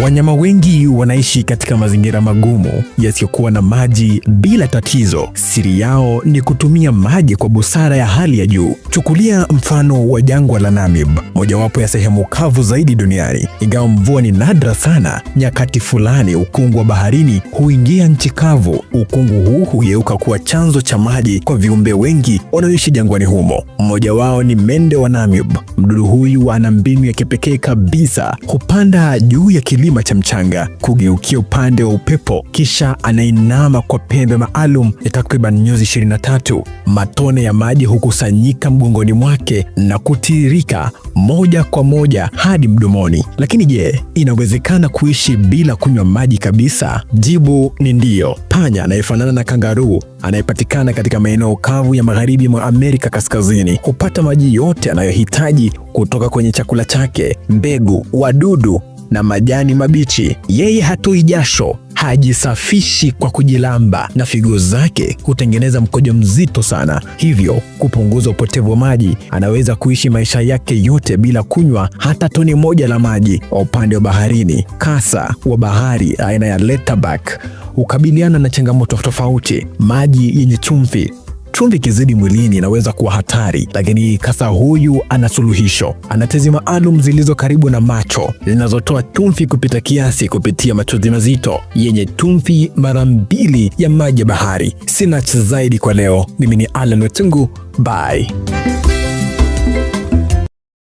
Wanyama wengi wanaishi katika mazingira magumu yasiyokuwa na maji bila tatizo. Siri yao ni kutumia maji kwa busara ya hali ya juu. Chukulia mfano wa jangwa la Namib, mojawapo ya sehemu kavu zaidi duniani. Ingawa mvua ni nadra sana, nyakati fulani ukungu wa baharini huingia nchi kavu. Ukungu huu hugeuka kuwa chanzo cha maji kwa viumbe wengi wanaoishi jangwani humo. Mmoja wao ni mende wa Namib. Mdudu huyu ana mbinu ya kipekee kabisa, hupanda juu ya kilima cha mchanga, kugeukia upande wa upepo, kisha anainama kwa pembe maalum ya takriban nyuzi 23. Matone ya maji hukusanyika mgongoni mwake na kutiririka moja kwa moja hadi mdomoni. Lakini je, inawezekana kuishi bila kunywa maji kabisa? Jibu ni ndiyo. Panya anayefanana na kangaruu anayepatikana katika maeneo kavu ya magharibi mwa Amerika Kaskazini hupata maji yote anayohitaji kutoka kwenye chakula chake, mbegu, wadudu na majani mabichi. Yeye hatoi jasho, hajisafishi kwa kujilamba, na figo zake hutengeneza mkojo mzito sana, hivyo kupunguza upotevu wa maji. Anaweza kuishi maisha yake yote bila kunywa hata toni moja la maji. Kwa upande wa baharini, kasa wa bahari aina ya leatherback hukabiliana na changamoto tofauti. Maji yenye chumvi chumvi kizidi mwilini inaweza kuwa hatari, lakini kasa huyu ana suluhisho. Ana tezi maalum zilizo karibu na macho zinazotoa chumvi kupita kiasi kupitia machozi mazito yenye chumvi mara mbili ya maji ya bahari. Sina cha zaidi kwa leo. Mimi ni Alan Wetungu, bye.